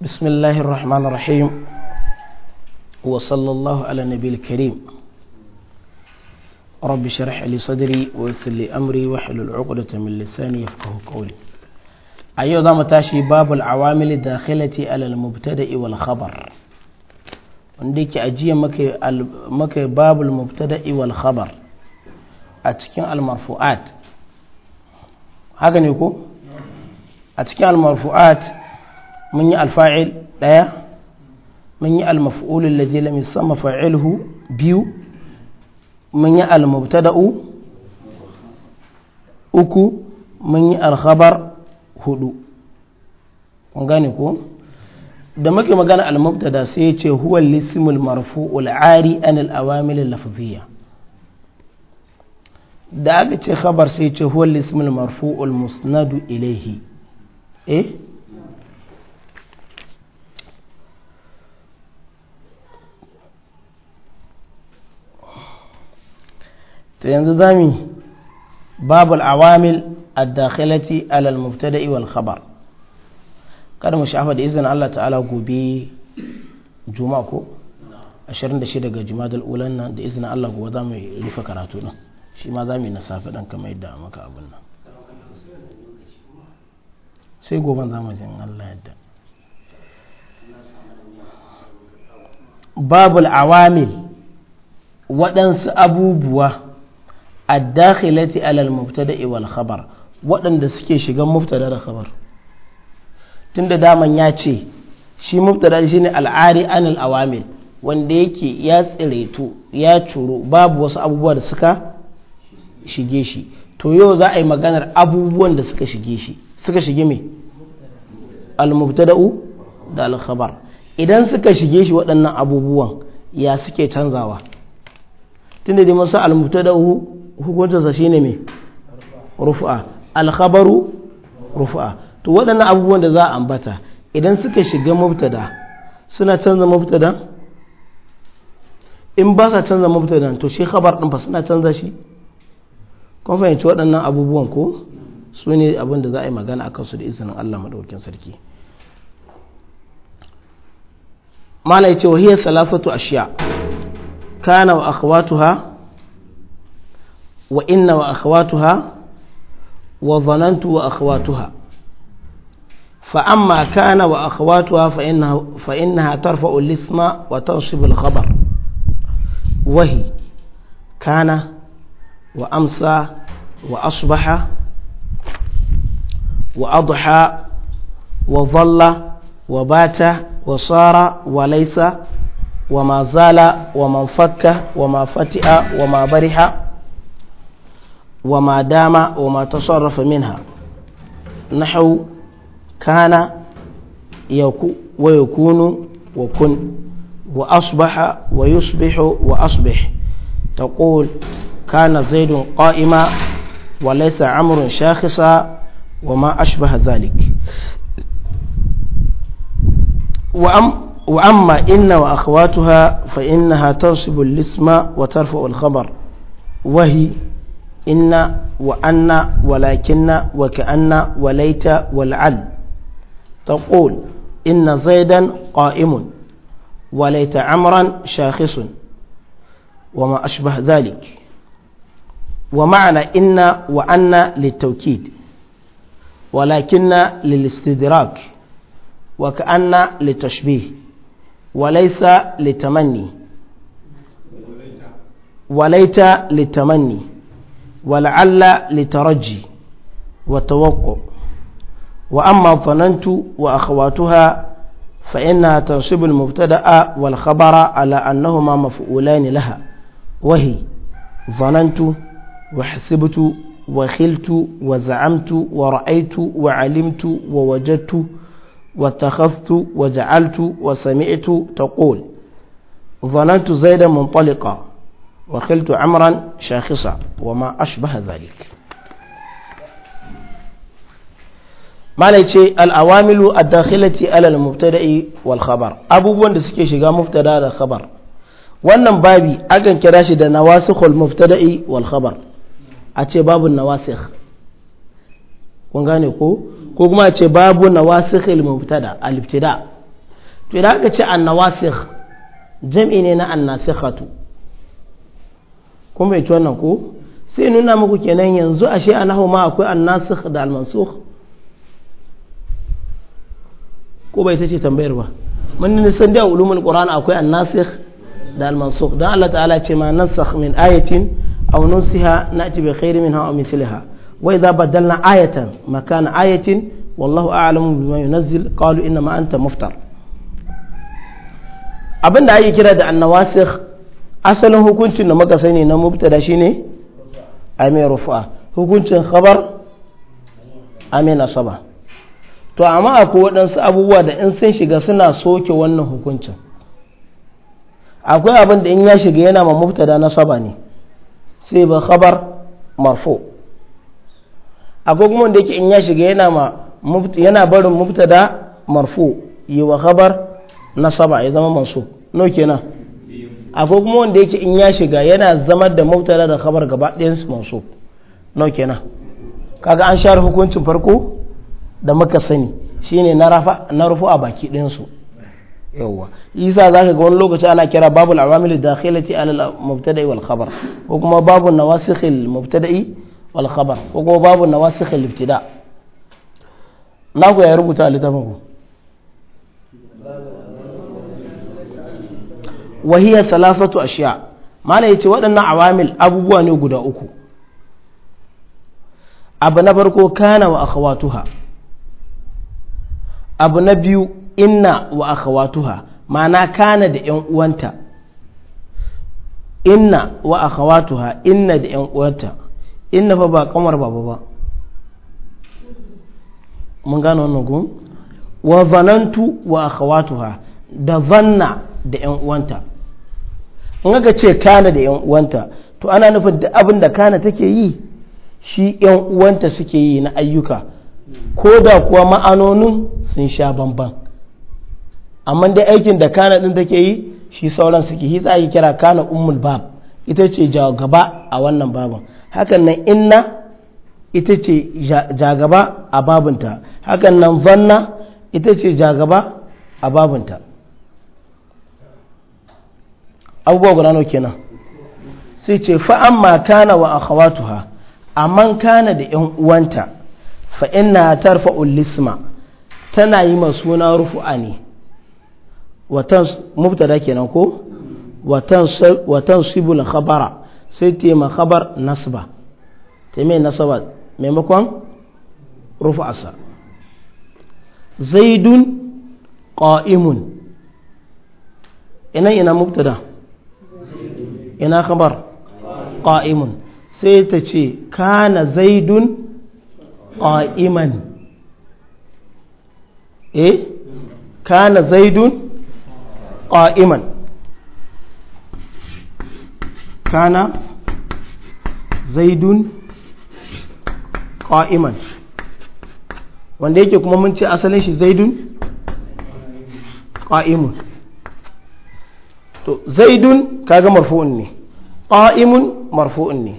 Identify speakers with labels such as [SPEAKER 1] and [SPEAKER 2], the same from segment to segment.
[SPEAKER 1] بسم الله الرحمن الرحيم وصلى الله على النبي الكريم رب شرح لي صدري ويسر لي أمري وحل العقدة من لساني يفقه قولي أيضا متاشي باب العوامل الداخلة على المبتدأ والخبر عندك أجي مك باب المبتدأ والخبر أتكين المرفوعات هكذا يقول أتكين المرفوعات mun yi alfa'il ɗaya mun yi almaf'ulun lazi lam yusamma fa'iluhu biyu mun yi almubtada'u uku mun yi alkhabar hudu kun gane ko da muke magana almubtada sai ya ce huwa lismul marfu ari an al-awamil lafziyya da aka ce khabar sai ya ce huwa lismul marfu'ul musnadu ilaihi eh to yanzu za babul awamil al'awamil dakhilati ala al-mubtada'i wal khabar kada mu shafa da izinin Allah ta'ala gobe juma'a ko 26 ga dal ulan nan da izinin Allah gobe za mu rufe karatu din shi ma za mu yi na safi dan kamar yadda maka abin nan sai gobe za mu jin Allah yadda babul awamil waɗansu abubuwa addakhilati dakhilati alal mubtada'i wal khabar waɗanda suke shiga mubtada da khabar tunda daman ya ce shi mubtada shine al'ari anil awamil wanda yake ya tsireto ya curo babu wasu abubuwa da suka shige shi to yau za a yi maganar abubuwan da suka shige shi suka shige me al da al-khabar idan suka shige shi waɗannan abubuwan ya suke canzawa tunda dai masu al-mubtada'u hukuncinsa shine mai rufu'a alkhabaru rufu'a to waɗannan abubuwan da za a ambata idan suka shiga mubtada suna canza mubtada in ba sa canza mubtada to shi khabar din ba suna canza shi kun fahimci waɗannan abubuwan ko su ne abin da za a yi magana a su da izinin Allah maɗaukin sarki mala yace wa hiya salafatu ashiya kana wa akhwatuha وإن وأخواتها وظننت وأخواتها فأما كان وأخواتها فإنها, فإنها ترفع الاسم وتنصب الخبر وهي كان وأمسى وأصبح وأضحى وظل وبات وصار وليس وما زال وما انفك وما فتئ وما برح وما دام وما تصرف منها نحو كان ويكون وكن وأصبح ويصبح وأصبح تقول كان زيد قائما وليس عمر شاخصا وما أشبه ذلك وأم وأما إن وأخواتها فإنها تنصب الاسم وترفع الخبر وهي إن وأن ولكن وكأن وليت والعل تقول إن زيدا قائم وليت عمرا شاخص وما أشبه ذلك ومعنى إن وأن للتوكيد ولكن للاستدراك وكأن للتشبيه وليس للتمني وليت للتمني ولعل لترجي وتوقع وأما ظننت وأخواتها فإنها تنصب المبتدأ والخبر على أنهما مفعولان لها وهي ظننت وحسبت وخلت وزعمت ورأيت وعلمت ووجدت واتخذت وجعلت وسمعت تقول ظننت زيدا منطلقا وقلت عمرا شاخصا وما أشبه ذلك ما ce الأوامل a dakhilati alal والخبر أبو khabar abubuwan da suke shiga mubtada da khabar wannan babi akan kira shi da nawasikhul mubtada'i wal khabar a ce babu nawasikh kun gane ko ko kuma a ce babu nawasikhil muftada al ibtida to idan aka ce an nawasikh jam'i ne na an nasikhatu kuma bai ci wannan ko sai nuna muku kenan yanzu ashe a nahu ma akwai annasikh da almansukh ko bai tace tambayar ba mun ne san da ulumul qur'an akwai annasikh da almansukh dan Allah ta'ala ce ma nasakh min ayatin aw nusiha na'ti bi khairin minha aw mithliha wa idza badalna ayatan makana ayatin wallahu a'lamu bima yunazzil qalu inna ma anta muftar abinda ake kira da annawasikh asalin hukuncin da muka sani na mubtada shine amir rufa hukuncin khabar amir nasaba to amma akwai waɗansu abubuwa da in sun shiga suna soke wannan hukuncin akwai abin da in ya shiga yana ma mubtada nasaba ne sai ba khabar marfo akwai kuma da yake in ya shiga yana ma yana barin mubtada marfo yi wa khabar nasaba ya zama masu nauke kenan akwai kuma wanda yake in ya shiga yana zama da mautala da khabar gaba ɗayan su masu nau kenan kaga an share hukuncin farko da muka sani shine na rafa na rufu a baki ɗayan su yawwa isa zaka ga wani lokaci ana kira babul awamil dakhilati ala mubtada wal khabar ko kuma babun nawasikhil mubtada'i wal khabar ko kuma babun nawasikhil ibtida na ku ya rubuta a littafin ku wahiyar salafatu a shiya, mala yace waɗannan awamil abubuwa ne guda uku abu na farko kana wa akhawatuha abu na biyu inna wa akhawatuha ma'ana kana da yan uwanta inna wa akhawatuha inna da yan uwanta inna fa ba kamar baba ba mun gano wannan gun wa zanantu wa akhawatuha da zanna da 'yan uwanta in aka ce kana da 'yan uwanta to ana nufin da abin da kana take yi shi 'yan uwanta suke yi na ayyuka ko da kuwa ma'anonin sun sha bamban amma dai aikin da kana din take yi shi sauran suke yi za a yi kira kana ummul bab ita ce jagaba a wannan babin hakan nan inna ita ce jagaba a babinta hakan nan zanna ita ce jagaba a babinta abubuwa guda nawa kenan sai ce fa amma kana wa akhawatuha man kana da yan uwanta fa inna tarfa ulisma tana yi ma suna rufu'a ne watan mubtada kenan ko watan sibul khabara sai ta ma khabar nasba ta mai nasaba maimakon rufa'asa zaidun qa'imun ina ina mubtada ina khabar qa'imun sai ta ce kana zaidun qa'iman eh kana zaidun qa'iman kana zaidun qa'iman wanda yake kuma mun ce asalin shi zaidun qa'imun to zaidun kaga marfu'un ne qa'imun marfu'un ne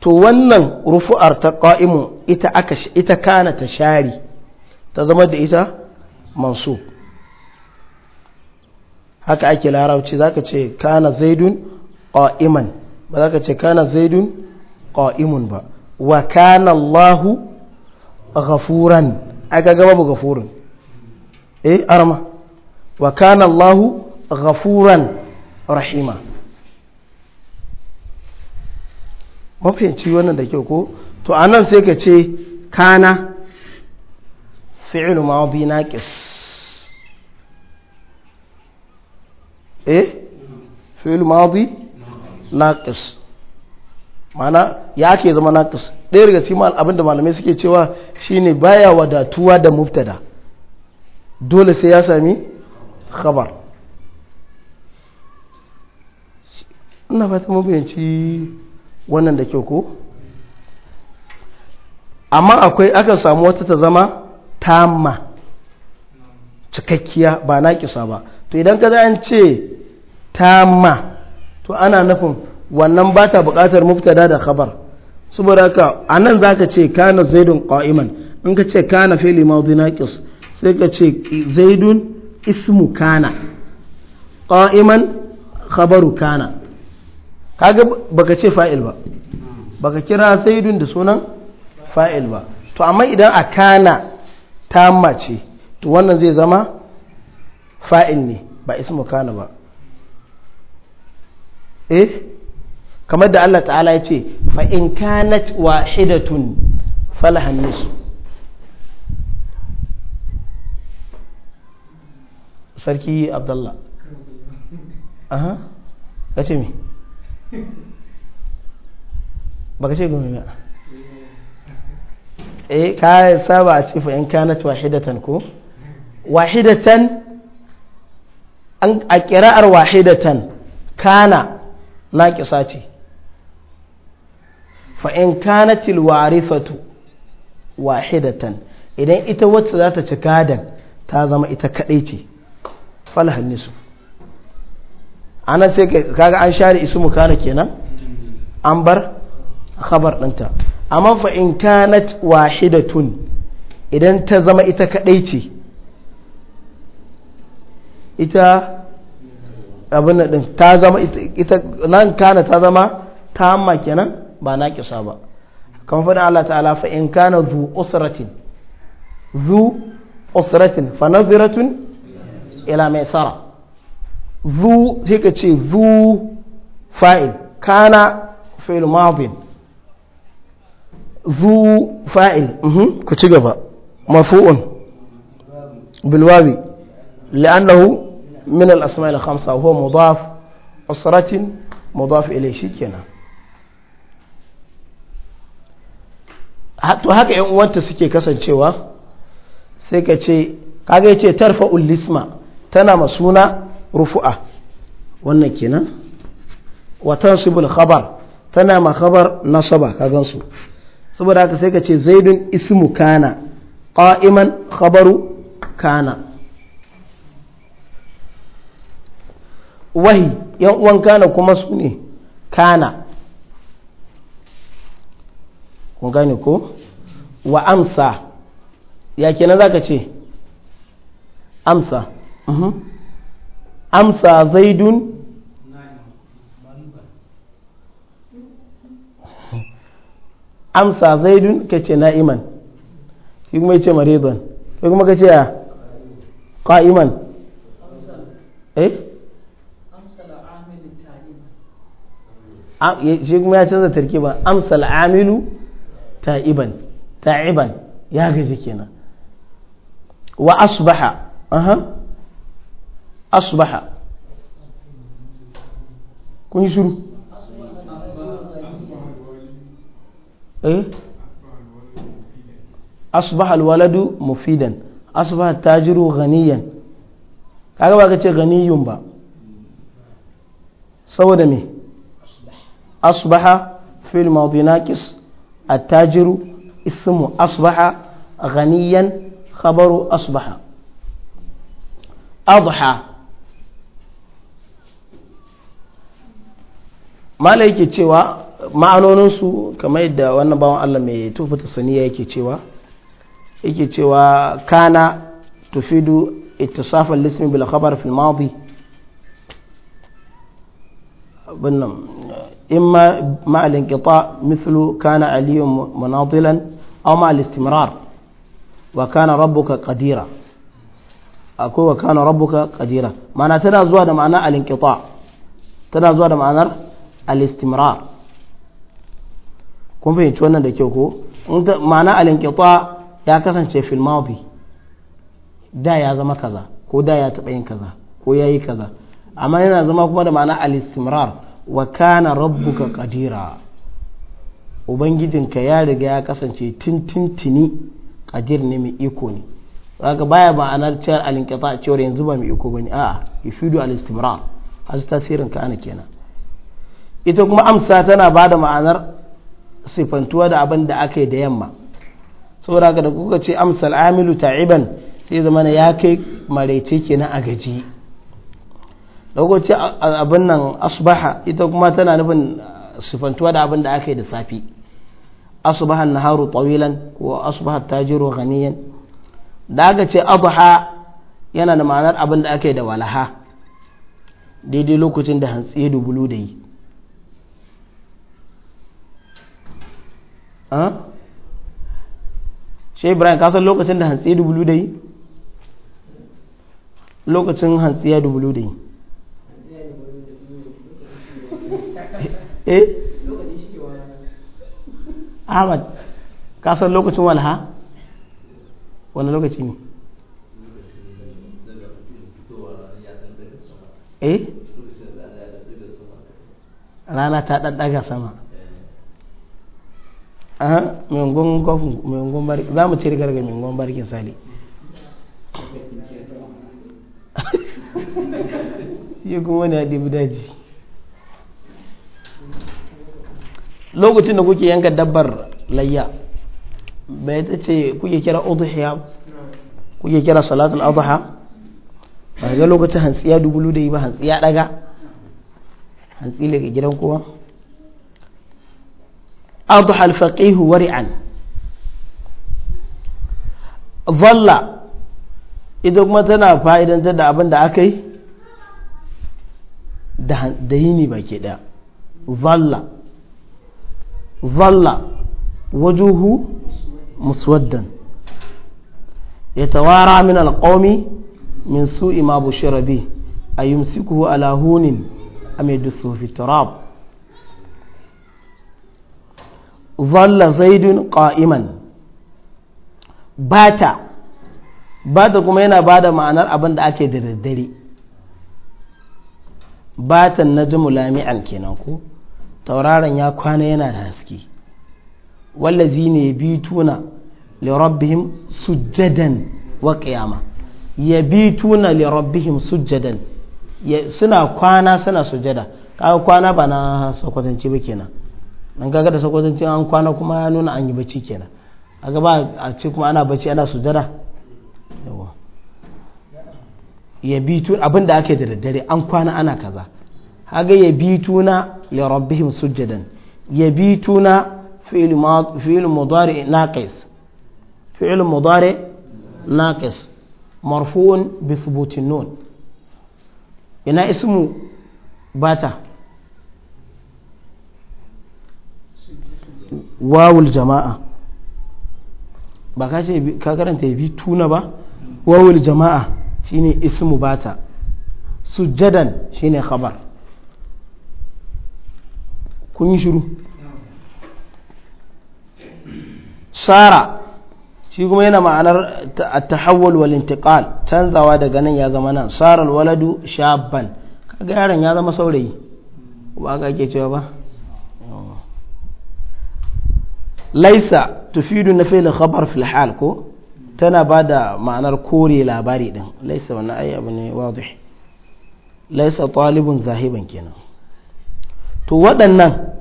[SPEAKER 1] to wannan rufu'ar ta qa'imun ita aka ita kana ta shari ta zama da ita mansub haka ake larabci zaka ce kana zaidun qa'iman ba zaka ce kana zaidun qa'imun ba wa kana Allah ghafuran aka ga babu ghafurun eh arama wa kana Allah ghafuran rahima mafiyanci wannan da kyau ko to a nan sai ka ce kana fi'il ma'adi naqis eh fi'il ma'adi naqis mana ya ke zama naqis ɗaya daga cikin abin da malamai suke cewa shine baya wadatuwa da mubtada dole sai ya sami khabar ina fata mabiyanci wannan da kyau ko amma akwai akan samu wata ta zama tamma cikakkiya ba na kisa ba to idan ka an ce tamma to ana nufin wannan ba ta buƙatar muftada da khabar saboda haka a nan za ka ce kana zaidun ƙa'iman in ka ce kana fili mawdi naqis sai ka ce zaidun ismu kana ƙa'iman khabaru kana kaga baka ce fa'il ba baka kira zaidun da sunan fa'il ba to amma idan a kana ta mace to wannan zai zama fa'il ne ba ismu kana ba eh kamar da Allah ta'ala ya ce fa'in kanat wahidatun falahan nisu sarki abdallah aha ka ce mi baka ce gumi ba eh ka saba a cifa in kanat wahidatan ko wahidatan an a kira'ar wahidatan kana na naƙisa ce fa in kanatil warifatu wahidatan idan ita wacce za ta ci gadan ta zama ita kadai ce falhal nisu ana sai kaga an share ismu kana kenan an bar khabar danta amma fa in kanat wahidatun idan ta zama ita kaɗai ce ita abin ɗin ta zama ita nan kana ta zama ta amma kenan ba na kisa ba kamar faɗin Allah ta'ala fa in kana zu usratin zu usratin fa naziratun ila mai sara zu sai ka ce zu fa'il kana fa'il madin zu fa'il ku ci gaba mafu'un bilwawi li'annahu min al-asma'il khamsa huwa mudaf usratin mudaf ilayhi kenan to haka yan uwanta suke kasancewa sai ka ce kaga yace tarfa ulisma tana masuna rufu'a wannan kenan wa tansibul khabar tana ma khabar nasaba ka gansu saboda haka sai ka ce zaidun ismu kana qa'iman khabaru kana wahi yan uwan kana kuma su ne kana kun gane ko wa amsa ya kenan zaka ce amsa mhm. amsa zaidun amsa zaidun ka ce na'iman shi kuma ya ce maridon kai kuma ka ce ya ƙa'iman eh shi kuma ya canza ba amsal amilu ta'iban ta'iban ya gaji kenan wa asbaha aha أصبح كوني شنو إيه؟ أصبح الولد مفيدا أصبح التاجر غنيا كاغا باغا تي غني يمبا سو دمي أصبح في الماضي ناقص التاجر اسم أصبح غنيا خبر أصبح أضحى mala yake cewa ma'anoninsu kamar yadda wannan bawan Allah mai tufata saniya yake cewa yake cewa kana tufidu ittisafan lismi bil khabar fil madi binnan imma ma al inqita mithlu kana aliyun munadilan aw ma al istimrar wa kana rabbuka qadira akwai wa kana rabbuka qadira ma'ana tana zuwa da ma'ana alinkita tana zuwa da ma'anar al-istimrar kun fahimci wannan da kyau ko ma'ana al-inqita ya kasance fil madi da ya zama kaza ko da ya taba yin kaza ko yayi kaza amma yana zama kuma da ma'ana al-istimrar wa kana rabbuka qadira ubangijinka ya riga ya kasance tintintini qadir ne mai iko ne zaka baya ma'anar cewar al-inqita cewar yanzu ba mai iko bane a'a yufidu al-istimrar hasu tasirin ka ana kenan ita kuma amsa tana ba da ma'anar sifantuwa da abin da aka yi da yamma saboda da kuka ce amsal amilu ta'iban sai zama ya kai maraice kenan na agaji da kuka ce abin nan asubaha ita kuma tana nufin sifantuwa da abin da aka yi da safi asbaha naharu tawilan ko ta tajiru ghaniyan da aka ce abha yana da ma'anar abin da aka yi da walaha daidai lokacin da hantsi ya dubulu da yi shi ibrahim ka san lokacin da hantsi dubulu da yi lokacin hantsi ya dubulu da yi eh ahmad san lokacin walha wani lokaci ne eh rana ta ɗaɗɗaga sama aha lokacin da kuke yanka dabbar layya bai ta ce kuke kira udhiya kuke kira salatul adha ba ga lokacin hantsiya dubulu da yi ba hantsiya daga hantsi daga gidan kowa أضحى الفقيه ورعا ظل إذا ما تنا فائدا تدع أبن أكي دهيني باكي ده ظل ظل وجهه مسودا يتوارى من القوم من سوء ما بشر به أيمسكه على هون أم يدسه في التراب zalla zaidun qa'iman bata bata kuma yana bada ma'anar abin da ake da daddare batan najmu lami'an kenan ko tauraron ya kwana yana da haske wallazi ne bituna li rabbihim sujjadan wa qiyama yabituna li rabbihim sujjadan suna kwana suna sujjada kawai kwana ba na sakwatanci ba kenan nan kaga da sakwatanci an kwana kuma ya nuna an yi bacci kenan a gaba a ce kuma ana bacci ana sujada yawa ya bitu abin da ake da daddare an kwana ana kaza haga ya bituna li rabbihim sujadan ya bituna fi'il mudari naqis fi'il mudari naqis marfu'un bi thubutin nun ina ismu bata wawul jama'a ba ka ce ka karanta bi tuna ba wawul jama'a shine ismu bata sujjadan shine khabar kun yi shiru sara shi kuma yana ma'anar ta tahawwul wal intiqal canzawa daga nan ya zama nan saral waladu shabban kaga yaron ya zama saurayi ba ka ke cewa ba laisa tufidu na fela khabar fil hal ko tana ba da ma'anar kore labari din laisa wannan ayi abu ne wadih laisa talibun zahiban kenan to waɗannan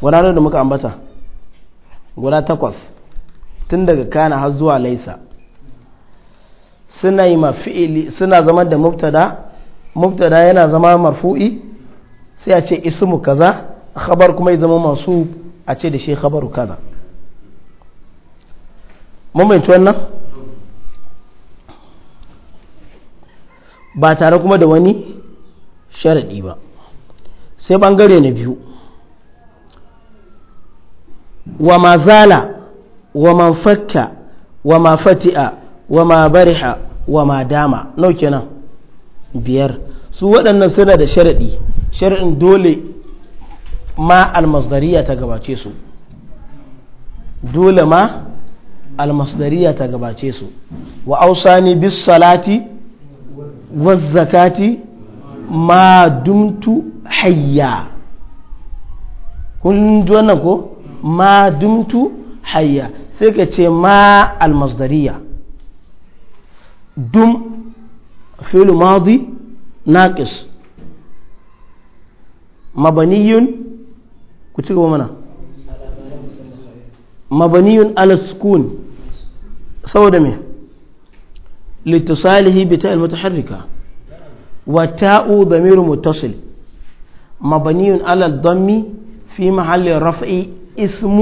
[SPEAKER 1] gudanar da muka ambata guda takwas tun daga kana har zuwa laisa suna yi mafi'ili suna zama da mubtada mubtada yana zama marfu'i sai a ce ismu kaza khabar kuma ya zama masu a ce da shi khabaru kaza mamayanci wannan ba tare kuma da wani sharaɗi ba sai ɓangare na biyu wa ma zala wa man fakka wa ma fati'a wa ma bariha wa ma dama nau kenan biyar su waɗannan suna da sharaɗi sharaɗin dole ma almasdariya ta gabace su dole ma almasdariya ta gabace su wa ausani bis salati wa zakati ma dumtu hayya kun ji wannan ko ma dumtu hayya sai ka ce ma almasdariya dum fil madi naqis mabaniyun كتير ومنا مبني على السكون سودة مي لاتصاله بتاء المتحركة وتاء ضمير متصل مبني على الضم في محل رفع اسم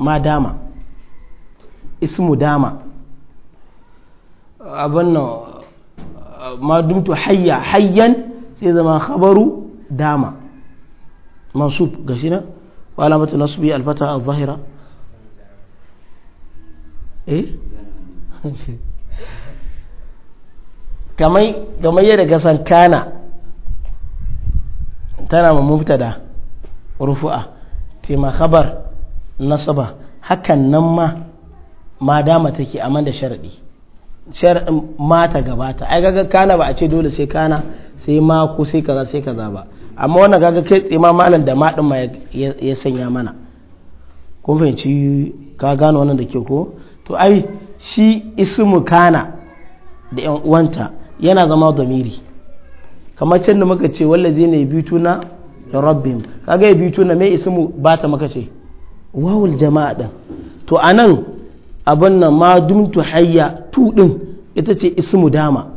[SPEAKER 1] ما دام اسم دام أبن ما دمت حيا حيا إذا ما خبر داما masu gashi na wa alamatu nasbi alfata al-zahira yadda gasan kana tana ma mubtada rufu'a tema khabar nasaba hakan nan ma ma dama take amma da sharadi shar'in mata gabata ai kaga kana ba a ce dole sai kana sai ma ko sai kaza ba amma wannan kaga kai tsima malam da maɗin ma ya sanya mana kun fahimci ka gano wannan da ke ko to ai shi ismu kana da yan uwanta yana zama domiri kamar can da muka ce zai ne bituna da rabbim kaga ya bituna mai ismu ba ta muka ce wawul jama'a din to anan abin nan ma dumtu hayya tu din ita ce ismu dama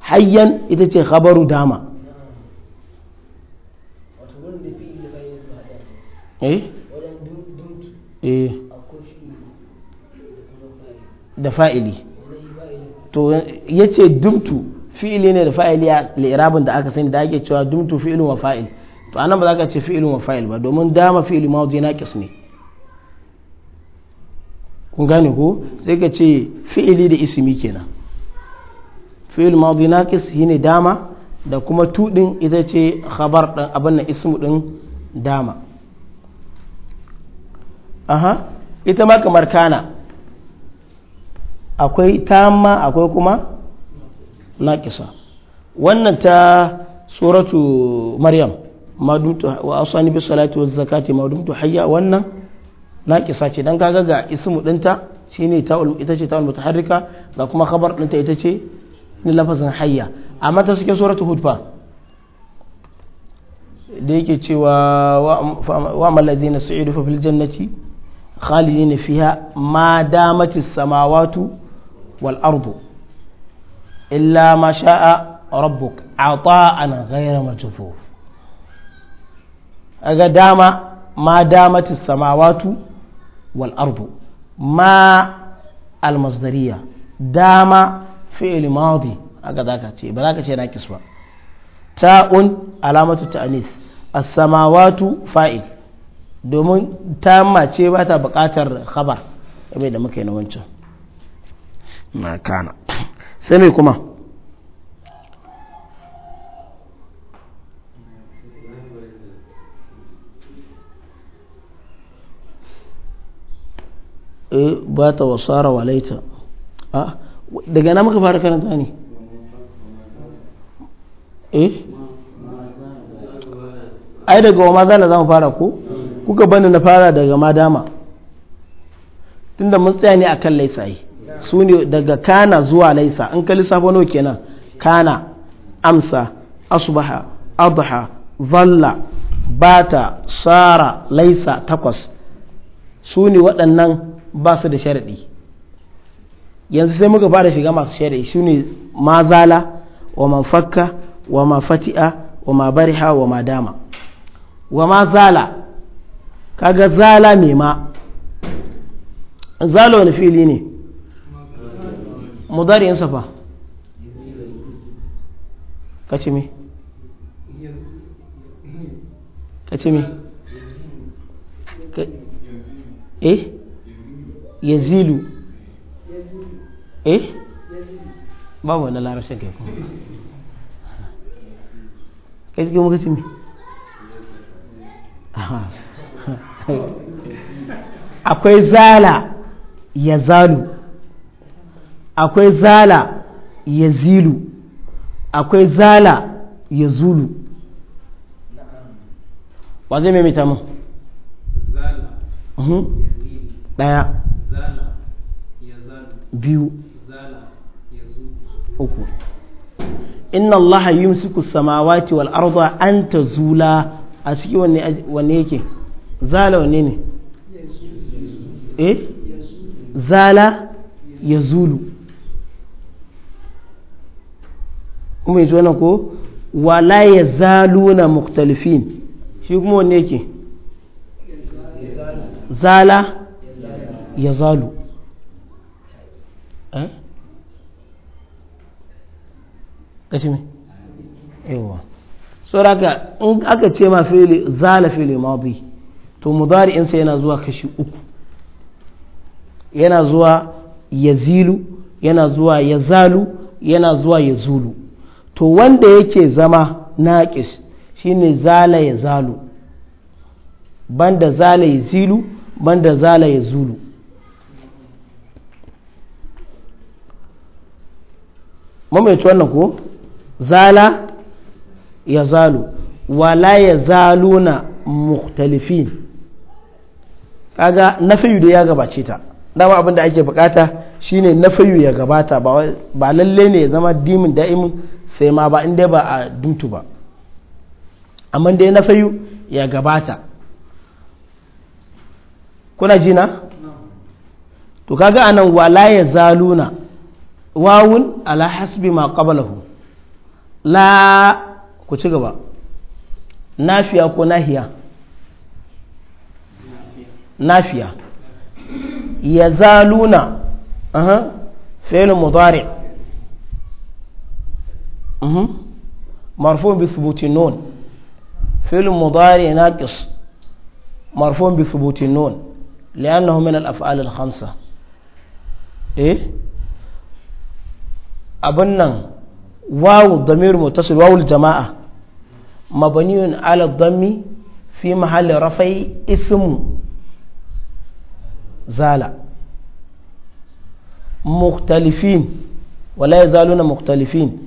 [SPEAKER 1] hayyan ita ce khabaru dama eh eh da fa'ili to ya ce dumtu fi'ili ne da fa'ili a lirabin da aka sani da ake cewa dumtu fi’ilin wa fa'il to anan ba za ka ce fi’ilin wa fa'il ba domin dama fi'ili mawdi naqis ne kun gane ko sai ka ce fi'ili da isimi kenan fi'il mawdi naqis ne dama da kuma tudin ita ce khabar dan abin nan ismu din dama aha ita ma kamar kana akwai tamma akwai kuma naƙisa wannan ta suratu maryam wa asani bi salati wa zakati madumtu hayya wannan naƙisa ce dan kaga ga ismu dinta shine ta ita ce ta mutaharrika ga kuma khabar dinta ita ce ni lafazin hayya amma ta suke suratu hud da yake cewa wa amal ladina sa'idu fa fil jannati khalidina fiha ma damatis samawatu wal ardu illa ma sha'a rabbuk ata'an ghayra majfuf aga dama ma damatis samawatu wal ardu ma al masdariya dama fi'il madi aga zaka ce ba zaka ce nakis ba ta'un alamatu ta'anis as-samawatu fa'il domin ta mace ba ta bukatar khabar game da muka yi na wancan na kana sai mai kuma eh, ba ta wasara walaita ah, daga na muka fara karanta ne e ai daga wa mazala za mu fara ko kuka bani na fara daga madama tunda mun tsaya ne akan laisa yi su ne daga kana zuwa laisa an ka lissafa nawa kenan kana amsa asbaha adha zalla bata sara laisa takwas su ne waɗannan ba su da sharaɗi yanzu sai muka fara shiga masu sharaɗi su ne ma zala wa man fakka wa ma fati'a wa ma bariha wa ma dama wa ma zala kaga zala mai ma zala wani fili ne mudari'in safa kace me kace me eh yazilu eh babu wani larashin kai kuma kai cikin muka ce me akwai zala ya zalu akwai zala ya zilu akwai zala ya zulu wa zai mita mu daya biyu uku inna allaha musu samawati wal arda an ta zula a cikin wanne yake zala wane ne eh zala ya zulu kuma yanzu wannan ko wala ya zalu na muktalifin shi kuma wanne yake zala ya zalu eh? kashi mai yawa sauraka in aka ce ma fili zala fili madi to mudari'insa yana zuwa kashi uku yana zuwa yazilu yana zuwa yazalu yana zuwa yazulu to wanda yake zama naqis shine zala ya zalu banda zala ya zilu banda zala ya zulu mamaici wannan ko zala ya zalu wala ya zaluna mukhtalifin kaga fayu da ya gabace ta dama abin da ake bukata shine fayu ya gabata ba lalle ne ya zama dimin da'imin sai ma ba inda ba a dutu ba amma dai fayu ya gabata kuna jina to kaga anan wala ya zaluna wawun ala hasbi ma qablahu la ku ci gaba nafiya ko nahiya نافية يزالون أه. فعل مضارع أه. مرفوع بثبوت النون فعل مضارع ناقص مرفوع بثبوت النون لأنه من الأفعال الخمسة إيه أبنن واو الضمير متصل واو الجماعة مبني على الضم في محل رفع اسم zala mukhtalifin wala ya zaluna mukhtalifin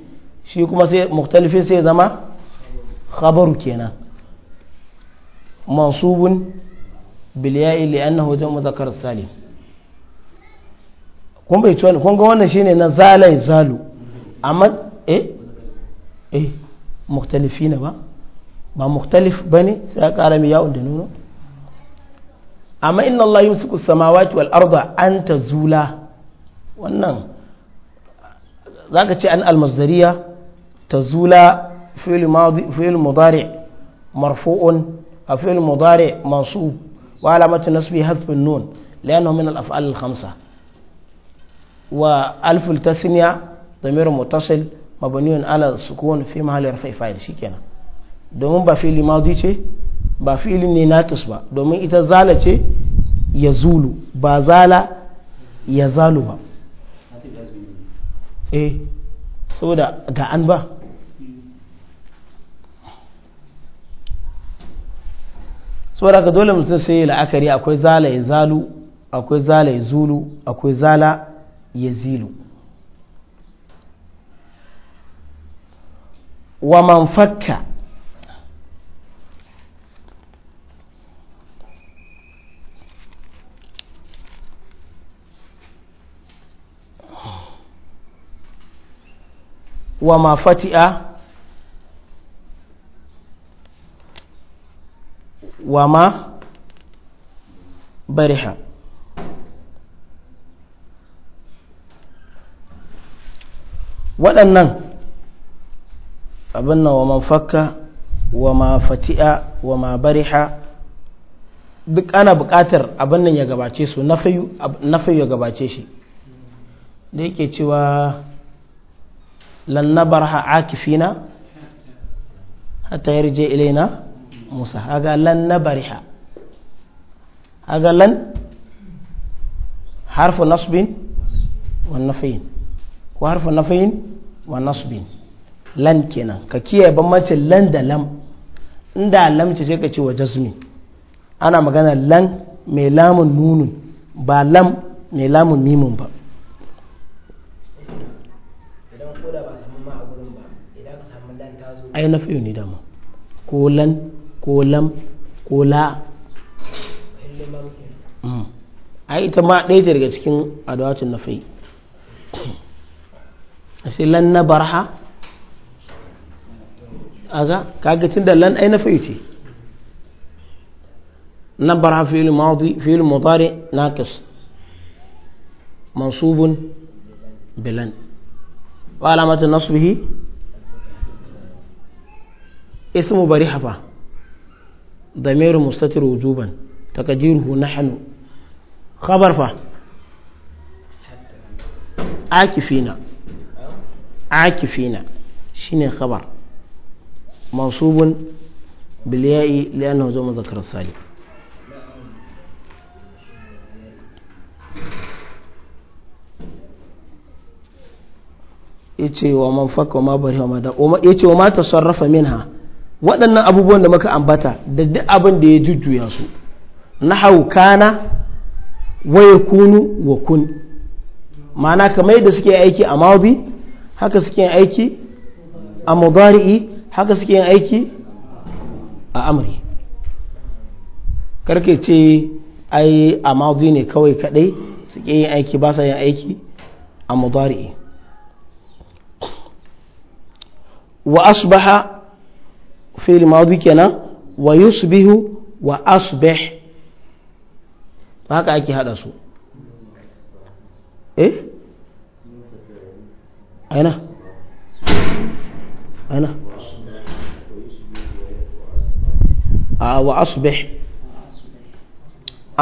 [SPEAKER 1] shi kuma sai mukhtalifin sai zama khabaru kenan mansubun bilya'i li'annahu jamu dhakar salim kun bai ci kun ga wannan shine na zala ya zalu amma eh eh mukhtalifina ba ba mukhtalif bane sai ya kara mai ya'un da nuno amma inna Allah yumsiku samawati wal arda an tazula wannan zaka ce an almasdariya tazula fi'l madi fi'l mudari marfu'un a fi'l mudari mansub wa alamatu nasbi hadf an-nun li'annahu min al-af'al al-khamsa wa alf al-tathniya ضمير متصل مبني على السكون في محل رفع فاعل شيء domin ba fi'l madi ce ba fi'ilin ne naqis ba domin ita zala ce ya zulu ba zala ya zalu ba eh saboda ga an ba saboda ka dole mutum sai yi la'akari akwai zala ya zalu akwai zala ya zulu akwai zala ya zilu wa man fakka wa ma fati'a wa ma bariha waɗannan abin nan wa man fakka wa ma fati'a wa ma bariha duk ana buƙatar abin nan ya gabace su na fayu ya gabace shi da yake cewa lan nabarha akifina hatta yarje ilaina musa haga lan nabarha haga lan harfu nasbin wa nafayin ko harfu nafayin wa nasbin lan kenan ka kiyaye bambancin lan da lam inda lam ce sai ka ce wa jazmi ana magana lan mai lamun nunun ba lam mai lamun mimun ba ai na fi'u ne dama kolan kolan kola mm. a ita ma ɗaya ce daga cikin adawacin na a sai lan na barha ga kaga da lan ai na fi'u ce na barha fi'il madi na kas naqis mansubun bilan wa nasu bihi. ismu bari hafa damiru mustatir wujuban takadiruhu nahnu khabar fa akifina akifina shine khabar mansubun bilya'i li'annahu zo mudhakkar yace wa man fakka ma bari wa ma da yace wa ma tasarrafa minha waɗannan abubuwan da muka ambata da duk abin da ya jujjuya su na hau kana waya kunu wa kun ma'ana kamar yadda suke aiki a mawabi haka suke aiki a mubari'i haka suke aiki a amri karke ce ai a mawabi ne kawai kadai suke yin aiki ba sa yin aiki a mubari'i wa asbaha fi'il madi kenan wa yusbihu wa asbih haka ake hada su eh aina aina a wa asbih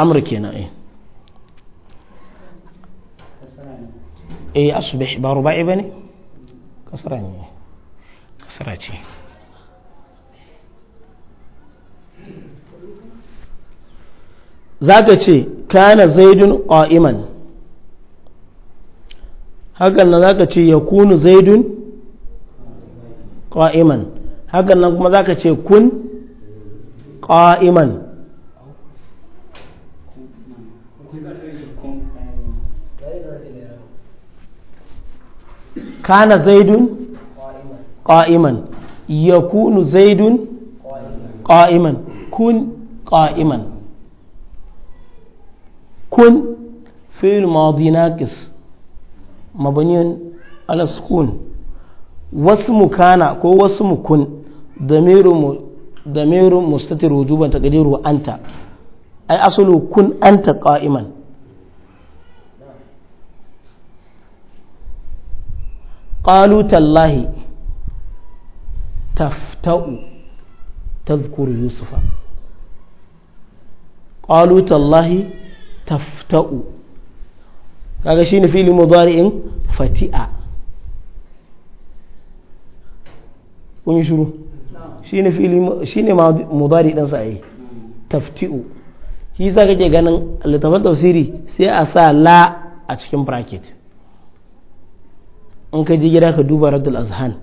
[SPEAKER 1] amr kenan eh eh asbih ba za ka ce kana zaidun ƙa'iman hakan nan za ka ce ya kunu zaidun ƙa'iman hakan nan kuma za ka ce kun ƙa'iman kana zaidun ƙa'iman ya kunu zaidun ƙa'iman kun ƙa'iman كن فعل ماضي ناقص مبني على السكون واسم كان كو واسم كن ضمير ضمير مستتر وجوبا تقديره انت اي اصله كن انت قائما قالوا تالله تفتأ تذكر يوسف قالوا تالله tafta'u kaga shine fi'il mudari'in fati'a kun yi shiru shine fi'il shine mudari dan sa ai tafti'u shi yasa kake ganin littafin tafsiri sai a sa la a cikin bracket in ka je gida ka duba radul azhan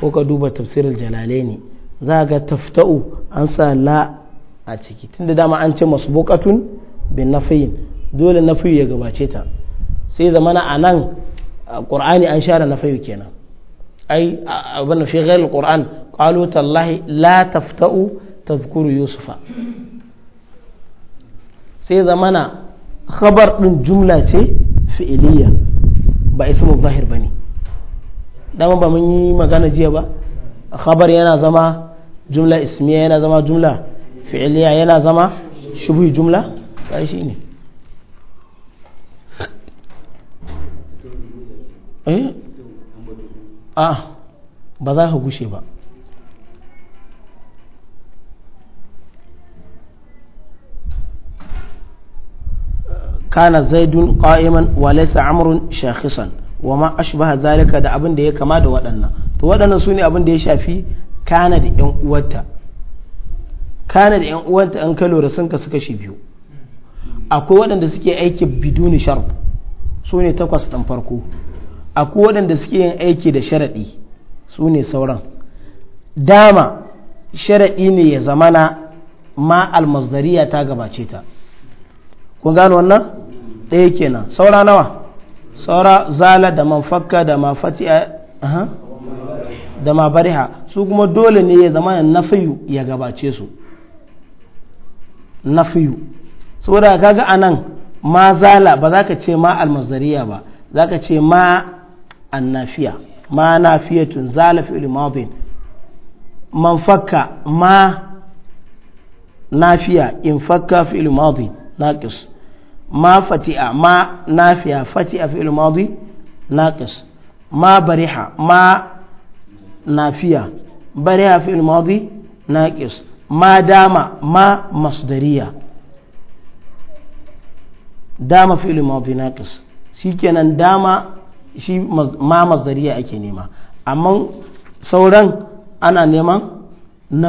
[SPEAKER 1] ko ka duba tafsirul jalalaini za ga tafta'u an sa la a ciki tunda dama an ce masbuqatun bin nafiyin dole nafiyu ya gabace ta sai zamana a nan qur'ani an share nafiyu kenan ai abin da fi qur'an tallahi la tafta'u tadhkuru yusufa sai zamana khabar ɗin jumla ce fi'iliya ba ismu zahir ne, dama ba mun yi magana jiya ba khabar yana zama jumla ismiya yana zama jumla fi'iliya yana zama shubuhi jumla kai shi ne eh ah ba za ka gushe ba kana zaidun qa'iman wa laysa amrun shakhisan wa ma ashbaha zalika da abin da ya kama da waɗannan to waɗannan sune abin da ya shafi kana da ƴan uwarta kana da ƴan uwarta an kalora sun ka suka shi biyu akwai waɗanda suke aiki biduni sharf su ne takwas ɗan farko akwai waɗanda suke yin aiki da sharaɗi su ne sauran dama sharaɗi ne ya zamana ma almazdariya ta gabace ta kun gano wannan ɗaya kenan saura nawa saura zala da man da mafati da ma bariha su kuma dole ne ya zama nafiyu ya gabace su nafiyu saboda kaga anan ma zala ba za ka ce ma almasdariya ba za ka ce ma annafiya ma nafiyatun zala fi'il madin man fakka ma nafiya in fakka fi'il madin naqis ma fati'a ma nafiya fati'a fi'il madin naqis ma bariha ma nafiya bariha fi'il madin naqis ma dama ma masdariya dama fi'il madi naqis shikenan dama shi ma masdariya ake nema amma sauran ana neman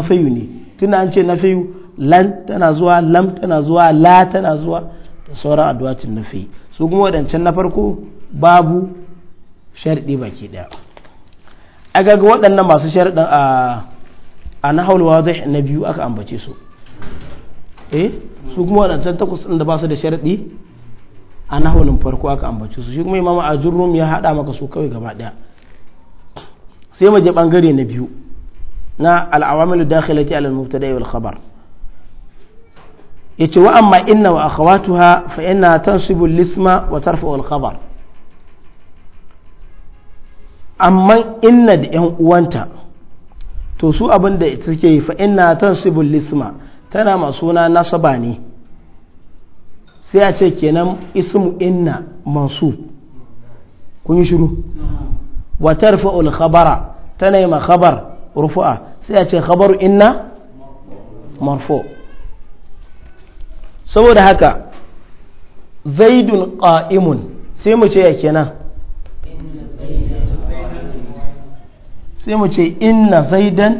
[SPEAKER 1] fayu ne tuna an ce fayu lan tana zuwa lam tana zuwa la tana zuwa da sauran addu'atin fayi su kuma waɗancan na farko babu sharɗi baki ɗaya a gaga waɗannan masu sharɗin a na haulwa na biyu aka ambace su eh su kuma waɗancan takwas ɗin da ba su da sharɗi a nahawalin farko aka ambaci su shi kuma imamu ajurrum ya hada maka su kawai gaba ɗaya sai maje ɓangare na biyu na al'awamilu dakhilati ala da mubtada wal khabar yace wa amma inna wa akhawatuha fa inna tansibu al lisma wa tarfa al-khabar amma inna da yan uwanta to su abin da suke yi fa inna tansibu al lisma tana ma suna nasaba ne sai a ce kenan ismu inna mansub kun yi shiru wa tarfa'ul khabara ta yi ma khabar rufu'a sai a ce khabaru inna marfu saboda haka zaidun qa'imun sai mu ce ya kenan sai mu ce inna zaidan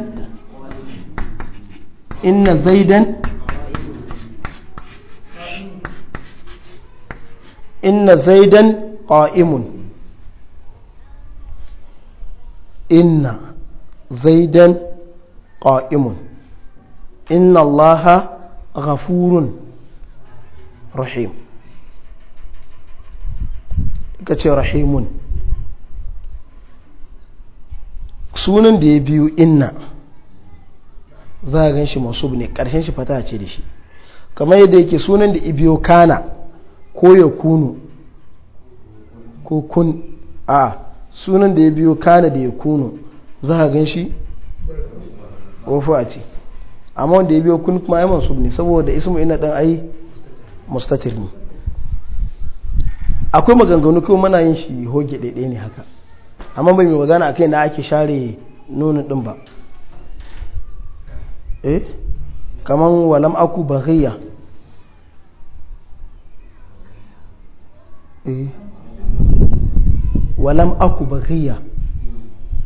[SPEAKER 1] inna zaidan inna zaidan qa'imun inna zaidan qa'imun inna allaha ghafurun rahim ka rahimun sunan da ya biyu inna za a gan shi masu ne ƙarshen shi fata ce da shi kamar yadda yake sunan da ibiyo kana ko ya kunu ko kun a sunan da ya biyo kana da ya kunu za a gan shi a ce amma wanda ya biyo kun kuma ya masu ne saboda ismu ina dan ai mustatir ne akwai maganganu kuma mana yin shi hoge ɗaiɗe ne haka amma bai mai magana akai na ake share nonon din ba eh kaman walam aku baghiya Eh. walam aku baghiya